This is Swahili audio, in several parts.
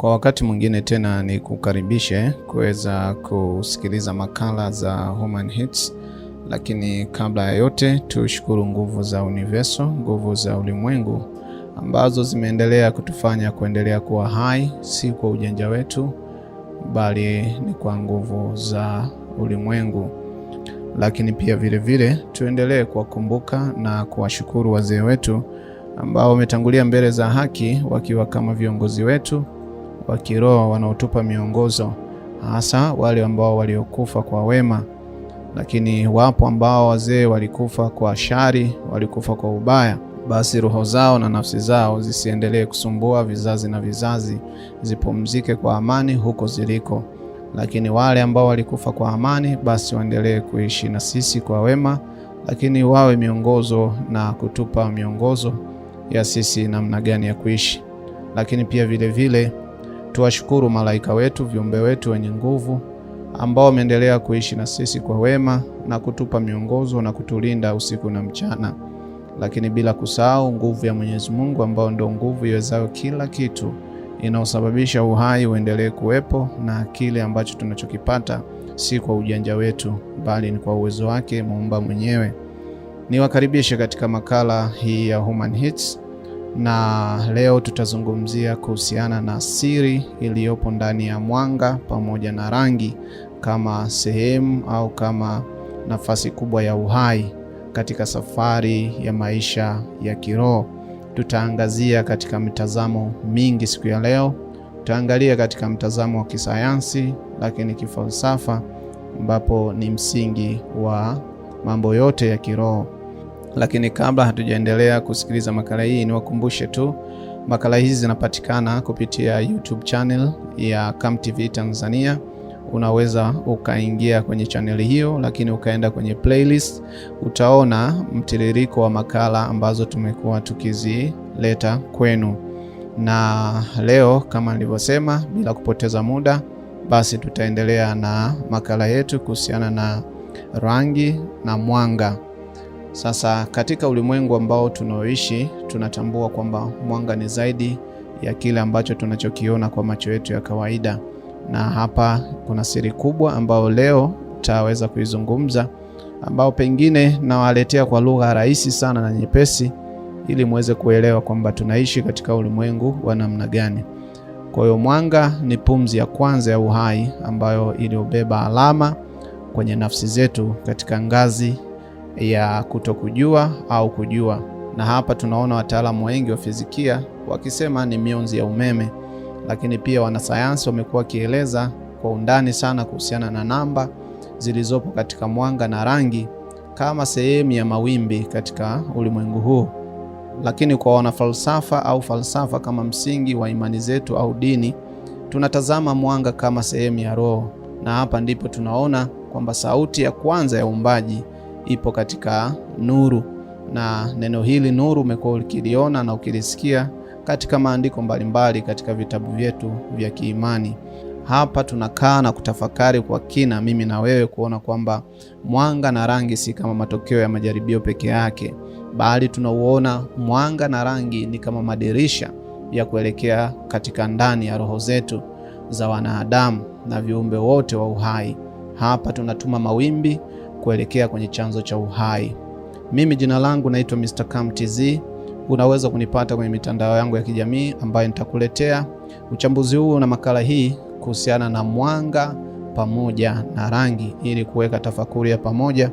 Kwa wakati mwingine tena ni kukaribishe kuweza kusikiliza makala za Human Hits, lakini kabla ya yote tushukuru nguvu za universo, nguvu za ulimwengu ambazo zimeendelea kutufanya kuendelea kuwa hai, si kwa ujanja wetu, bali ni kwa nguvu za ulimwengu. Lakini pia vilevile tuendelee kuwakumbuka na kuwashukuru wazee wetu ambao wametangulia mbele za haki wakiwa kama viongozi wetu wa kiroho wanaotupa miongozo, hasa wale ambao waliokufa kwa wema. Lakini wapo ambao wazee walikufa kwa shari, walikufa kwa ubaya. Basi roho zao na nafsi zao zisiendelee kusumbua vizazi na vizazi, zipumzike kwa amani huko ziliko. Lakini wale ambao walikufa kwa amani, basi waendelee kuishi na sisi kwa wema, lakini wawe miongozo na kutupa miongozo ya sisi namna gani ya kuishi. Lakini pia vilevile vile, Tuwashukuru malaika wetu, viumbe wetu wenye nguvu ambao wameendelea kuishi na sisi kwa wema na kutupa miongozo na kutulinda usiku na mchana, lakini bila kusahau nguvu ya Mwenyezi Mungu ambao ndio nguvu iwezayo kila kitu inayosababisha uhai uendelee kuwepo na kile ambacho tunachokipata si kwa ujanja wetu, bali ni kwa uwezo wake muumba mwenyewe. Niwakaribishe katika makala hii ya Human Hits na leo tutazungumzia kuhusiana na siri iliyopo ndani ya mwanga pamoja na rangi kama sehemu au kama nafasi kubwa ya uhai katika safari ya maisha ya kiroho. Tutaangazia katika mitazamo mingi siku ya leo. Tutaangalia katika mtazamo wa kisayansi, lakini kifalsafa, ambapo ni msingi wa mambo yote ya kiroho. Lakini kabla hatujaendelea kusikiliza makala hii, niwakumbushe tu makala hizi zinapatikana kupitia YouTube channel ya TV Tanzania. Unaweza ukaingia kwenye chaneli hiyo, lakini ukaenda kwenye playlist, utaona mtiririko wa makala ambazo tumekuwa tukizileta kwenu. Na leo kama nilivyosema, bila kupoteza muda, basi tutaendelea na makala yetu kuhusiana na rangi na mwanga. Sasa katika ulimwengu ambao tunaoishi, tunatambua kwamba mwanga ni zaidi ya kile ambacho tunachokiona kwa macho yetu ya kawaida, na hapa kuna siri kubwa ambayo leo taweza kuizungumza, ambao pengine nawaletea kwa lugha rahisi sana na nyepesi, ili muweze kuelewa kwamba tunaishi katika ulimwengu wa namna gani. Kwa hiyo mwanga ni pumzi ya kwanza ya uhai ambayo iliyobeba alama kwenye nafsi zetu katika ngazi ya kutokujua au kujua, na hapa tunaona wataalamu wengi wa fizikia wakisema ni mionzi ya umeme, lakini pia wanasayansi wamekuwa wakieleza kwa undani sana kuhusiana na namba zilizopo katika mwanga na rangi kama sehemu ya mawimbi katika ulimwengu huu. Lakini kwa wanafalsafa au falsafa kama msingi wa imani zetu au dini, tunatazama mwanga kama sehemu ya roho, na hapa ndipo tunaona kwamba sauti ya kwanza ya uumbaji ipo katika nuru, na neno hili nuru umekuwa ukiliona na ukilisikia katika maandiko mbalimbali katika vitabu vyetu vya kiimani. Hapa tunakaa na kutafakari kwa kina, mimi na wewe, kuona kwamba mwanga na rangi si kama matokeo ya majaribio peke yake, bali tunauona mwanga na rangi ni kama madirisha ya kuelekea katika ndani ya roho zetu za wanadamu na viumbe wote wa uhai. Hapa tunatuma mawimbi kuelekea kwenye chanzo cha uhai. Mimi jina langu naitwa Mr. Kam TZ. Unaweza kunipata kwenye mitandao yangu ya kijamii ambayo nitakuletea uchambuzi huu na makala hii kuhusiana na mwanga pamoja na rangi, ili kuweka tafakuri ya pamoja,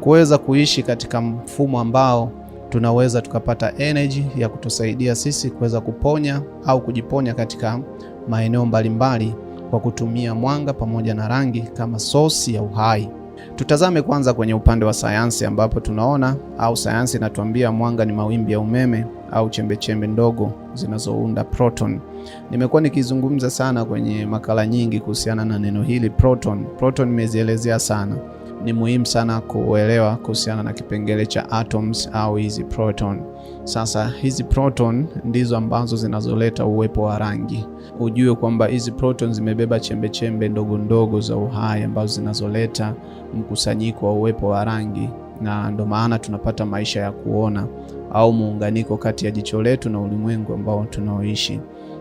kuweza kuishi katika mfumo ambao tunaweza tukapata energy ya kutusaidia sisi kuweza kuponya au kujiponya katika maeneo mbalimbali kwa kutumia mwanga pamoja na rangi kama sosi ya uhai. Tutazame kwanza kwenye upande wa sayansi ambapo tunaona au sayansi inatuambia mwanga ni mawimbi ya umeme au chembechembe -chembe ndogo zinazounda proton. Nimekuwa nikizungumza sana kwenye makala nyingi kuhusiana na neno hili proton. Proton imezielezea sana ni muhimu sana kuelewa kuhusiana na kipengele cha atoms au hizi proton. Sasa hizi proton ndizo ambazo zinazoleta uwepo wa rangi. Ujue kwamba hizi proton zimebeba chembechembe ndogo ndogo za uhai ambazo zinazoleta mkusanyiko wa uwepo wa rangi, na ndo maana tunapata maisha ya kuona au muunganiko kati ya jicho letu na ulimwengu ambao tunaoishi.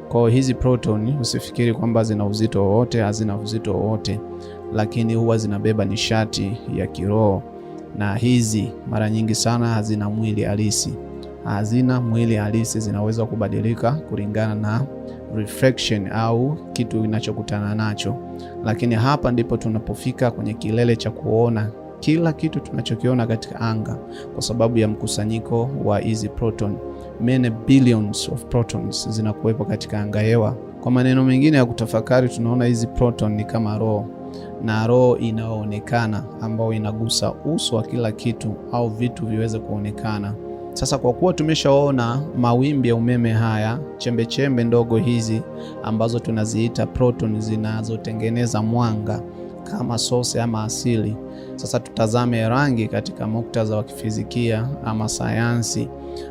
Kwa hizi proton usifikiri kwamba zina uzito wowote, hazina uzito wowote lakini huwa zinabeba nishati ya kiroho, na hizi mara nyingi sana hazina mwili halisi, hazina mwili halisi, zinaweza kubadilika kulingana na reflection au kitu inachokutana nacho. Lakini hapa ndipo tunapofika kwenye kilele cha kuona kila kitu tunachokiona katika anga kwa sababu ya mkusanyiko wa hizi proton. Many billions of protons zinakuwepo katika anga hewa. Kwa maneno mengine ya kutafakari, tunaona hizi proton ni kama roho na roho inayoonekana ambayo inagusa uso wa kila kitu au vitu viweze kuonekana. Sasa kwa kuwa tumeshaona mawimbi ya umeme haya, chembe chembe ndogo hizi ambazo tunaziita proton zinazotengeneza mwanga kama sosi ama asili. Sasa tutazame rangi katika muktadha wa kifizikia ama sayansi,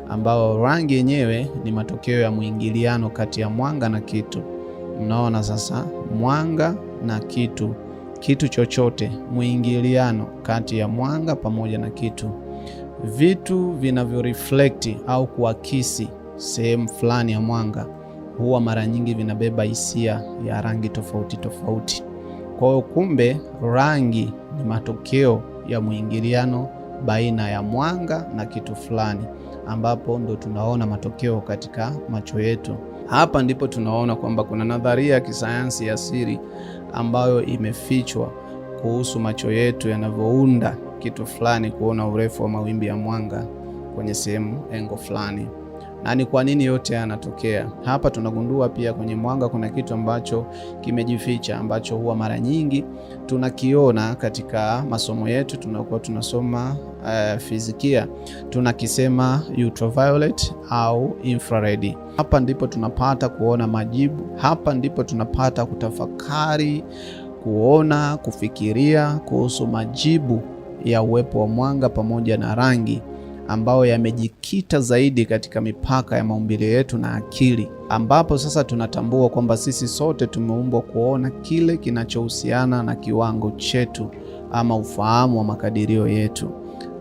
ambao rangi yenyewe ni matokeo ya mwingiliano kati ya mwanga na kitu. Mnaona sasa, mwanga na kitu kitu chochote, mwingiliano kati ya mwanga pamoja na kitu, vitu vinavyoreflekti au kuakisi sehemu fulani ya mwanga huwa mara nyingi vinabeba hisia ya rangi tofauti tofauti. Kwa hiyo, kumbe rangi ni matokeo ya mwingiliano baina ya mwanga na kitu fulani, ambapo ndo tunaona matokeo katika macho yetu. Hapa ndipo tunaona kwamba kuna nadharia ya kisayansi ya siri ambayo imefichwa kuhusu macho yetu yanavyounda kitu fulani kuona urefu wa mawimbi ya mwanga kwenye sehemu engo fulani na ni kwa nini yote yanatokea. Hapa tunagundua pia kwenye mwanga kuna kitu ambacho kimejificha, ambacho huwa mara nyingi tunakiona katika masomo yetu tunakuwa tunasoma uh, fizikia tunakisema ultraviolet au infrared. Hapa ndipo tunapata kuona majibu, hapa ndipo tunapata kutafakari, kuona, kufikiria kuhusu majibu ya uwepo wa mwanga pamoja na rangi ambayo yamejikita zaidi katika mipaka ya maumbile yetu na akili, ambapo sasa tunatambua kwamba sisi sote tumeumbwa kuona kile kinachohusiana na kiwango chetu ama ufahamu wa makadirio yetu.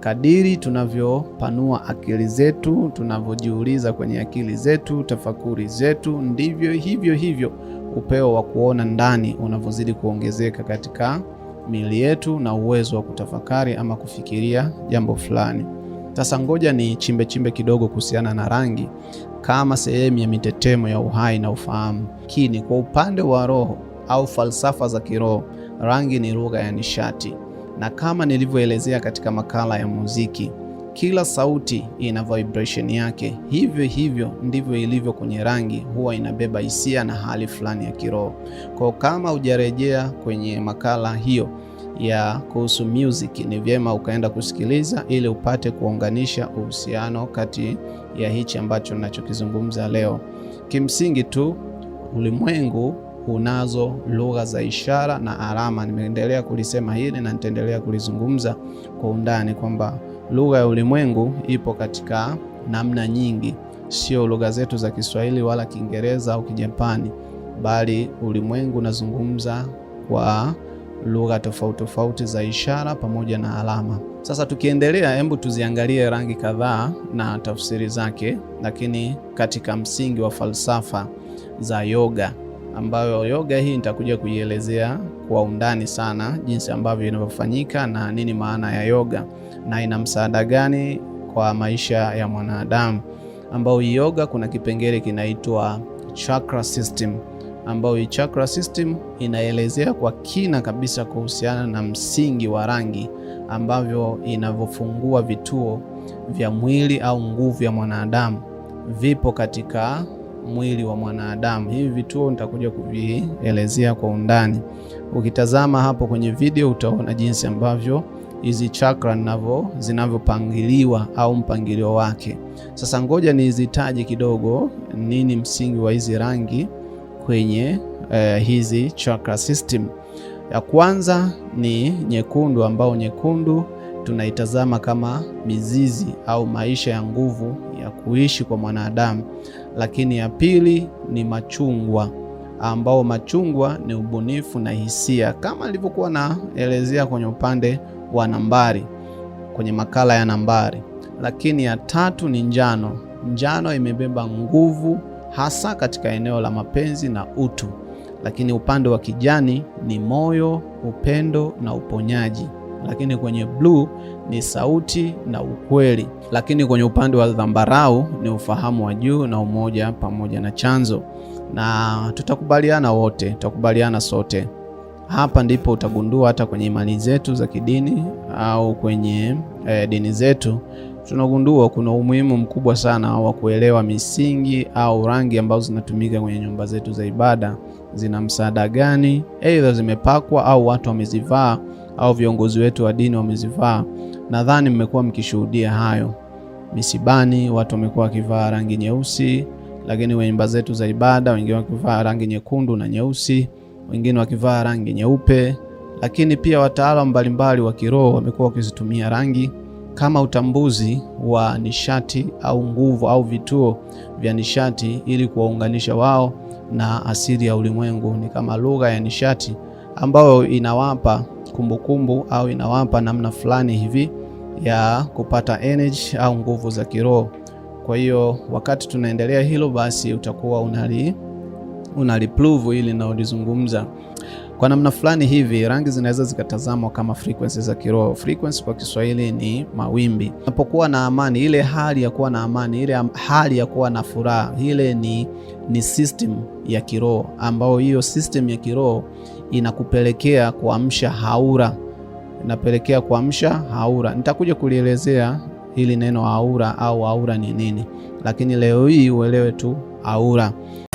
Kadiri tunavyopanua akili zetu, tunavyojiuliza kwenye akili zetu, tafakuri zetu, ndivyo hivyo hivyo upeo wa kuona ndani unavyozidi kuongezeka katika miili yetu na uwezo wa kutafakari ama kufikiria jambo fulani. Sasa ngoja ni chimbe chimbe kidogo kuhusiana na rangi kama sehemu ya mitetemo ya uhai na ufahamu kini. Kwa upande wa roho au falsafa za kiroho, rangi ni lugha ya nishati, na kama nilivyoelezea katika makala ya muziki, kila sauti ina vibration yake. Hivyo hivyo ndivyo ilivyo kwenye rangi, huwa inabeba hisia na hali fulani ya kiroho. Kwa kama hujarejea kwenye makala hiyo ya kuhusu music, ni vyema ukaenda kusikiliza ili upate kuunganisha uhusiano kati ya hichi ambacho ninachokizungumza leo. Kimsingi tu ulimwengu unazo lugha za ishara na alama. Nimeendelea kulisema hili na nitaendelea kulizungumza kwa undani kwamba lugha ya ulimwengu ipo katika namna nyingi, sio lugha zetu za Kiswahili wala Kiingereza au Kijapani, bali ulimwengu unazungumza kwa lugha tofauti tofauti za ishara pamoja na alama. Sasa tukiendelea, hebu tuziangalie rangi kadhaa na tafsiri zake, lakini katika msingi wa falsafa za yoga, ambayo yoga hii nitakuja kuielezea kwa undani sana, jinsi ambavyo inavyofanyika na nini maana ya yoga na ina msaada gani kwa maisha ya mwanadamu, ambao yoga kuna kipengele kinaitwa chakra system ambayo hii chakra system inaelezea kwa kina kabisa kuhusiana na msingi wa rangi ambavyo inavyofungua vituo vya mwili au nguvu ya mwanadamu vipo katika mwili wa mwanadamu. Hivi vituo nitakuja kuvielezea kwa undani. Ukitazama hapo kwenye video utaona jinsi ambavyo hizi chakra navo zinavyopangiliwa au mpangilio wake. Sasa ngoja nizitaje kidogo, nini msingi wa hizi rangi kwenye eh, hizi chakra system. Ya kwanza ni nyekundu, ambao nyekundu tunaitazama kama mizizi au maisha ya nguvu ya kuishi kwa mwanadamu, lakini ya pili ni machungwa, ambao machungwa ni ubunifu na hisia, kama alivyokuwa naelezea kwenye upande wa nambari kwenye makala ya nambari. Lakini ya tatu ni njano. Njano imebeba nguvu hasa katika eneo la mapenzi na utu, lakini upande wa kijani ni moyo, upendo na uponyaji, lakini kwenye bluu ni sauti na ukweli, lakini kwenye upande wa dhambarau ni ufahamu wa juu na umoja pamoja na chanzo. Na tutakubaliana wote, tutakubaliana sote hapa ndipo utagundua hata kwenye imani zetu za kidini au kwenye e, dini zetu tunagundua kuna umuhimu mkubwa sana wa kuelewa misingi au rangi ambazo zinatumika kwenye nyumba zetu za ibada zina msaada gani, aidha zimepakwa au watu wamezivaa au viongozi wetu wa dini wamezivaa. Nadhani mmekuwa mkishuhudia hayo misibani, watu wamekuwa wakivaa rangi nyeusi, lakini kwenye nyumba zetu za ibada wengine wakivaa rangi nyekundu na nyeusi, wengine wakivaa rangi nyeupe, lakini pia wataalamu mbalimbali wa kiroho wamekuwa wakizitumia rangi kama utambuzi wa nishati au nguvu au vituo vya nishati ili kuwaunganisha wao na asili ya ulimwengu. Ni kama lugha ya nishati ambayo inawapa kumbukumbu kumbu, au inawapa namna fulani hivi ya kupata energy au nguvu za kiroho. Kwa hiyo wakati tunaendelea hilo, basi utakuwa unali unaliprove ili naolizungumza. Kwa namna fulani hivi rangi zinaweza zikatazamwa kama frequency za kiroho. Frequency kwa Kiswahili ni mawimbi. Unapokuwa na amani, ile hali ya kuwa na amani, ile hali ya kuwa na furaha, ile ni, ni system ya kiroho, ambayo hiyo system ya kiroho inakupelekea kuamsha haura, inapelekea kuamsha haura. Nitakuja kulielezea hili neno aura au aura ni nini, lakini leo hii uelewe tu haura.